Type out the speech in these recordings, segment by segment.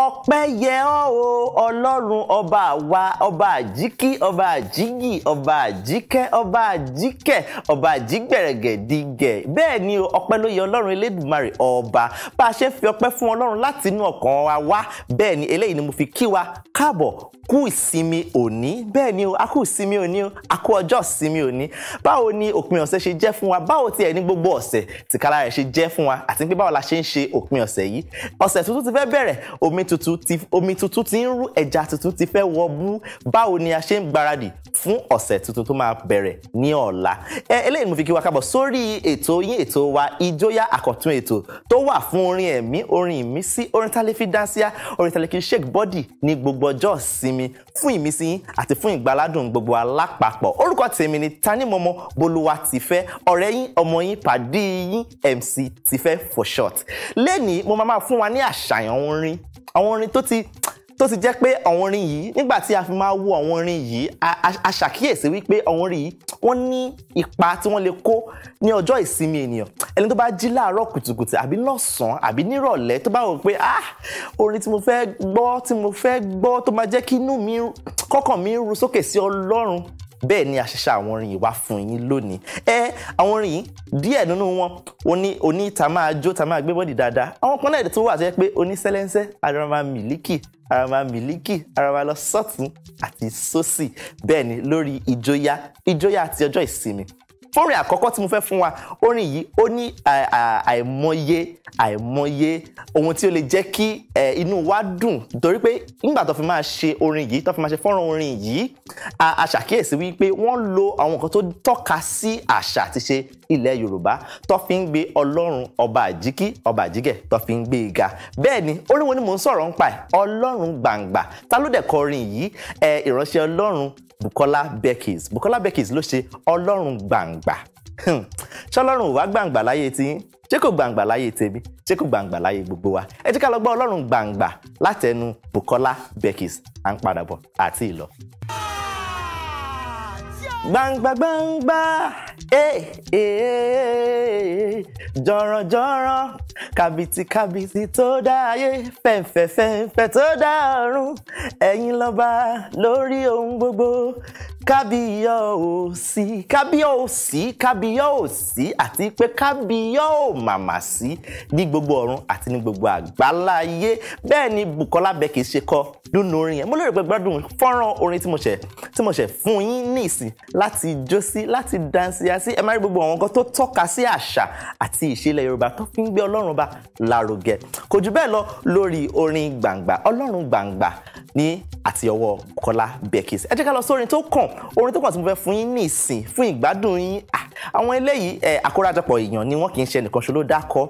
ọpẹ́ yẹ ọ́ o ọlọ́run ọba àwa ọba àjíkí ọba àjígì ọba àjíkẹ́ ọba àjíkẹ́ ọba àjígbẹ̀rẹ̀gẹ̀dígẹ̀ bẹ́ẹ̀ ni o ọpẹ́ ló yẹ ọlọ́run elédùnmarè ọba bá a ṣe fi ọpẹ́ fún ọlọ́run láti inú ọkàn wa wá bẹ́ẹ̀ ni eléyìí ni mo fi kí wa káàbọ̀ kú ìsinmi òní bẹ́ẹ̀ ni o a kú ìsinmi òní o a kú ọjọ́ ìsinmi òní báwo ni òpin ọ̀sẹ̀ ṣe jẹ́ fún wa báwo tiẹ̀ ní gbogbo ọ̀sẹ̀ tìkára rẹ̀ ṣe jẹ́ fún wa àti pé báwo la ṣe ń ṣe òpin ọ̀sẹ̀ yìí ọ̀sẹ̀ tuntun ti fẹ́ bẹ̀rẹ̀ omi tuntun ti omi tuntun ti ń rú ẹja tuntun ti fẹ́ wọ bú báwo ni a ṣe ń gbaradì fún ọ̀sẹ̀ tuntun tó máa bẹ̀rẹ̀ ní ọ̀la eléyìí mo wa kábọ̀ sórí ètò yín ètò wa ìjóyà àkọ́tún ètò tó wà fún shake body ní gbogbo ọjọ́ ìsinmi fún ìmísí yín àti fún ìgbàládùn gbogbo alápapọ̀ orúkọ tèmi ni Tanímọ̀mọ́ Bolúwatifẹ́ ọ̀rẹ́ yín ọmọ yín pàdé yín MC Tifẹ́ for short lẹ́nìí mo máa máa fún wa ní àṣàyàn orin àwọn orin tó ti tó ti jẹ́ pé àwọn orin yìí nígbà tí a fi máa wo àwọn orin yìí a ṣàkíyèsí wípé àwọn orin yìí wọ́n ní ipa tí wọ́n lè kó ní ọjọ́ ìsinmi ènìyàn ẹni tó bá jí láàárọ̀ kùtùkùtù àbí lọ́sàn-án àbí nírọ̀lẹ́ tó bá wò pé ah orin tí mo fẹ́ gbọ́ tí mo fẹ́ gbọ́ tó máa jẹ́ kí inú mi kọ́kàn mi ru sókè sí Ọlọ́run bẹ́ẹ̀ ni àṣẹṣe àwọn orin yìí wá fún yín lónìí ẹ àwọn orin yìí díẹ̀ nínú wọn oní oní ta máa jó ta máa gbé bọ́dì dáadáa àwọn kan náà tó wà tó yẹ pé oní sẹ́lẹ́nsẹ́ ara máa mìlíkì ara máa mìlíkì ara máa lọ sọ́tún àti sósì bẹ́ẹ̀ ni lórí ìjóyà ìjóyà àti ọjọ́ ìsinmi fórin àkọ́kọ́ tí mo fẹ́ fún wa orin yìí ó ní àìmọye àìmọye ohun tí ó lè jẹ́ kí inú wa dùn torí pé nígbà tó fi máa ṣe orin yìí tó fi máa ṣe fọ́nrán orin yìí a ṣàkíyèsí wípé wọ́n lo àwọn nǹkan tó tọ́ka sí àṣà àti ṣe ilẹ̀ Yorùbá tó fi ń gbé Ọlọ́run ọba àjíkí ọba àjíkẹ̀ tó fi ń gbé e ga bẹ́ẹ̀ ni orin wo ni mò ń sọ̀rọ̀ ń pa ẹ̀ Ọlọ́run gbàǹgbà ta ló dẹ̀ kọ orin yìí ìránṣẹ́ Ọlọ́run Bukola Beckys Bukola Beckys ló ṣe ọlọ́run gbàǹgbà hmm. ṣọlọ́run wá gbàǹgbà láyé tiyín ṣé kò gbàǹgbà láyé tèmi ṣé kò gbàǹgbà láyé gbogbo wa ẹ jẹ́ ká lọ gbọ́ ọlọ́run gbàǹgbà látẹnu Bukola Beckys à ń padà bọ̀ àti ìlọ. gbàǹgbà gbàǹgbà ee ee jọ̀rọ̀jọ̀rọ̀ kàbìtìkàbìtì tó dá ayé fẹ̀ǹfẹ̀fẹ̀ǹfẹ̀ tó dá ọ̀run ẹ̀yin lọ́ba lórí ohun gbogbo kábíyọ̀ọ́sí kábíyọ̀ọ́sí kábíyọ̀ọ́sí àti pé kábíyọ̀ọ́ màmá sí ní gbogbo ọ̀run àti ní gbogbo àgbáláyé bẹ́ẹ̀ ni Bùkọ́lá Becky ṣe kọ dúnú orin yẹn mo lérò pé gbádùn fọ́nrán orin tí mo ṣẹ̀ tí mo ṣẹ̀ fún yín ní ìsìn láti jó sí láti dansia sí ẹ má rí gbogbo àwọn nǹkan tó tọ́ka sí àṣà àti ìṣẹ̀lẹ̀ Yorùbá tó fi ń gbé Ọlọ́run ba lárugẹ kò jù bẹ́ẹ̀ lọ lórí orin gbàngbà Ọlọ́run gbàngbà ní àti ọwọ́ Kọ́lá Bekis ẹ jẹ́ ká lọ sórin tó kàn orin tó kàn tí mo fẹ́ fún yín ní ìsìn fún ìgbádùn yín àwọn eléyìí àkórajọpọ̀ èèyàn ni wọ́n kì í ṣe nìkan ṣo ló dákọ́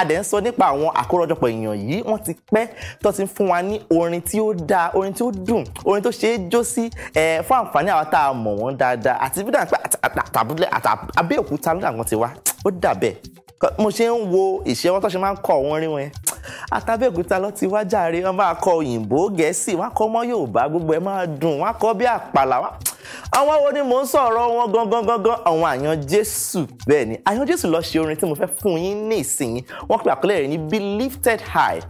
adẹ̀ ń sọ nípa àwọn àkórajọpọ̀ èèyàn yìí wọ́n ti pẹ́ tó ti fún wa ní orin tí ó dáa orin tí ó dùn orin tó ṣe é jó sí fún àǹfààní àwọn tá a mọ̀ wọ́n dáadáa àti bí dáa pé àtàbí Abẹ́òkúta ló dàgbọ́n ti wá ó dà bẹ́ẹ̀ mo ṣe ń wo ìṣe tó ṣe máa ń kọ wọn rí wọn yẹn àtàbẹ̀òkúta ti wá jàre wọn máa kọ òyìnbó gẹ̀ẹ́sì wọn kọ mọ́ yorùbá gbogbo ẹ̀ máa dùn wọn kọ bí àpàlà wọn àwọn wo ni mò ń sọ̀rọ̀ wọn gangan gangan àwọn àyàn jésù bẹ́ẹ̀ ni àyàn jésù lọ ṣe orin tí mo fẹ́ fún yín ní ìsinyìí wọ́n pe àkọlé rẹ̀ ní be lifted high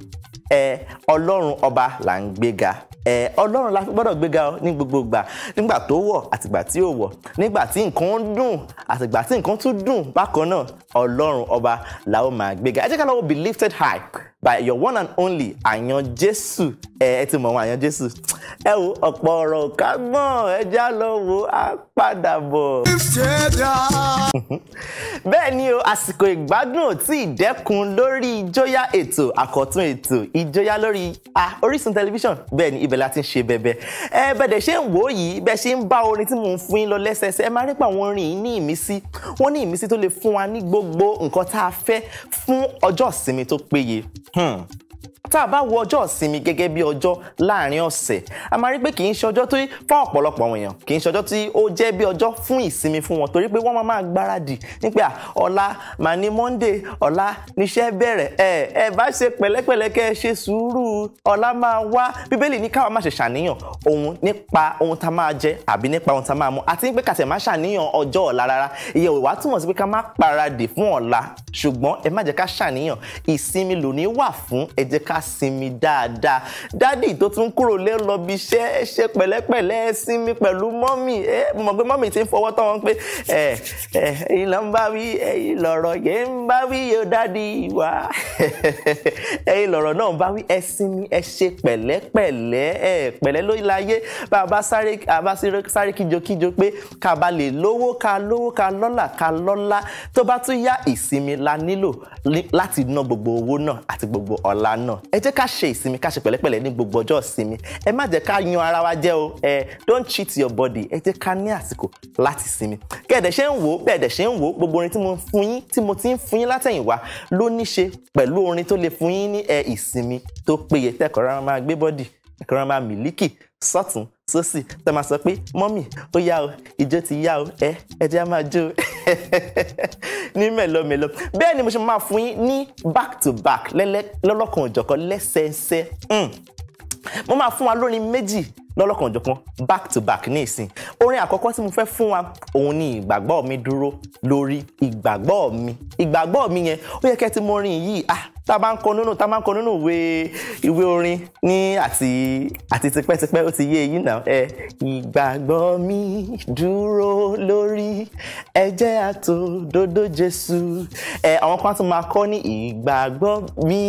ẹ ọlọ́run ọba là ń gbéga ẹ ọlọ́run la fi gbọ́dọ̀ gbéga ọ ní gbogbo ìgbà nígbà tó wọ̀ àtìgbà tí ò wọ̀ nígbà tí nǹkan ń dùn àtìgbà tí nǹkan tún dùn bákan náà ọlọ́run ọba la ó máa gbéga ẹ jẹ́ ká lọ́wọ́ be lifted high by your one and only àyàn jésù ẹ ẹ ti mọ̀ wọn àyàn jésù ẹ wo ọ̀pọ̀ ọ̀rọ̀ ká mọ̀ ẹ já lọ wo á padà bọ̀. bẹ́ẹ̀ ni o àsìkò ìgbádùn ò tí ì dẹ́kun lórí ìjóyà ètò àkọ́tún ètò ìjóyà lórí orísun tẹlifíṣàn bẹ́ẹ̀ ni ibẹ̀ la ti ń ṣe bẹ̀bẹ̀ ẹ bẹ̀dẹ̀ ṣe ń wò yìí bẹ́ẹ̀ ṣe ń bá orin tí mò ń fún yín lọ lẹ́sẹẹsẹ ẹ máa rí pa àwọn orin yìí ní ìmísí wọ́n ní ìmísí tó lè fún wa ní gbogbo nǹkan tá a fẹ́ fún ọjọ́ ìsinmi tó péye 哼。tá a bá wo ọjọ́ ìsinmi gẹ́gẹ́ bí ọjọ́ láàrin ọ̀sẹ̀ a máa rí pé kì í ṣe ọjọ́ tó fún ọ̀pọ̀lọpọ̀ àwọn èèyàn kì í ṣe ọjọ́ tí ó jẹ́ bí ọjọ́ fún ìsinmi fún wọn torí pé wọ́n máa máa gbáradì nípa ọ̀la màá ní Monday ọ̀la níṣẹ́ bẹ̀rẹ̀ ẹ ẹ bá ṣe pẹ̀lẹ́pẹ̀lẹ́ kẹ́ ẹ ṣe sùúrù ọ̀la máa wá bíbélì ní káwọn má ṣe ṣàníyàn ohun nípa ohun tá a máa jẹ àbí nípa ohun tá a máa mu àti pé kàtẹ́ má ṣàníyàn ọjọ́ ọ̀la rárá ìyẹn ò wá túmọ̀ sí pé ká má paradì fún ọ̀la ṣùgbọ́n ẹ má jẹ́ ká ṣàníyàn ìsinmi lòní wà fún ẹ jẹ́ ká ká sinmi dáadáa dádì tó tún kúrò lé lọ bí iṣẹ́ ẹ ṣe pẹ̀lẹ́pẹ̀lẹ́ ẹ sinmi pẹ̀lú mọ́mì ẹ mọ̀ pé mọ́mì ti ń fọwọ́ tọ́ wọn pé ẹ ẹ ìlọ ń bá wí ẹ̀yin lọ̀rọ̀ yẹn ń bá wí yóò dádì wá ẹ̀yin lọ̀rọ̀ náà ń bá wí ẹ sinmi ẹ ṣe pẹ̀lẹ́pẹ̀lẹ́ ẹ pẹ̀lẹ́ ló láyé bá a bá sáré kíjokíjo pé ká ba lè lówó ká lówó ká lọ́là ká lọ́lá tó bá tún yá ìsinmi la nílò láti ná gbogbo owó náà àti gbogbo ọlá náà ẹ jẹ́ ká ṣe ìsinmi ká ṣe pẹ̀lẹ́pẹ̀lẹ́ ní gbogbo ọjọ́ ìsinmi ẹ má jẹ́ ká yan ara wa jẹ́ o ẹ don't cheat your body ẹ jẹ́ ká ní àsìkò láti sinmi kẹ̀dẹ̀ ṣe ń wò bẹ̀ẹ̀dẹ̀ ṣe ń wò gbogbo orin tí mo fún yín tí mo ti ń fún yín látẹ̀yìnwá ló ní ṣe pẹ̀lú orin tó lè fún yín ní ìsinmi tó péye tẹ́kọ̀ọ́ rárá máa gbé bọ́dì tẹ́kọ̀ọ́ rárá máa mìlíkì sọ́tún sósì tẹ máa sọ pé mọ́mì ó yá o ìjó ti yá o ẹ ẹ jẹ́ máa jó ní mẹ́lọmẹ́lọ bẹ́ẹ̀ ni mo ṣe máa fún yín ní back to back lọ́lọ́kan òjọ̀kan lẹ́sẹẹsẹ hmm. mo máa fún wa lórin méjì lọ́lọ́kan òjọ̀kan back to back ní ìsìn orin àkọ́kọ́ tí mo fẹ́ fún wa òun ni ìgbàgbọ́ mi dúró lórí ìgbàgbọ́ mi ìgbàgbọ́ mi yẹn ó yẹ kẹ́ ti mọ orin yìí ah tá a bá ń kọ nínú tá a bá ń kọ nínú ìwé ìwé orin ní àti àti tipẹ́tipẹ́ ó ti yé eyín náà ẹ ìgbàgbọ́ mi dúró lórí ẹ̀jẹ̀ àtòdodo Jésù ẹ àwọn kan tún máa kọ ní ìgbàgbọ́ mi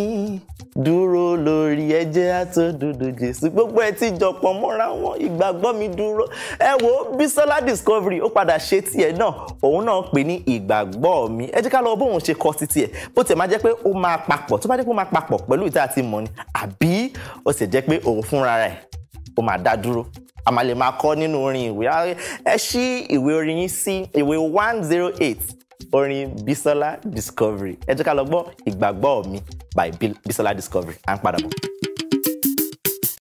dúró lórí ẹ̀jẹ̀ àtòdodo Jésù gbogbo ẹ ti jọpọ̀ mọ́ra wọn ìgbàgbọ́ mi dúró ẹ wo Bísọ́lá Discovery ó padà ṣe tiẹ̀ náà òun náà pè ní ìgbàgbọ́ mi ẹ jẹ́ ká lọ bóun ṣe kọ sí tiẹ̀ bó tiẹ̀ máa jẹ́ pé ó máa papọ̀ tó bá jẹ́ pé ó máa papọ̀ pẹ̀lú ìta àti mọ̀ ni àbí ó sì jẹ́ pé òun fúnra rẹ̀ ó máa dá dúró a máa lè máa kọ nínú orin ìwé ẹ ṣí ìwé orin yín sí ìwé one zero eight orin Bisola Discovery ẹ jẹ́ ká lọ gbọ́ ìgbàgbọ́ mi by Bisola Discovery à ń padà bọ̀.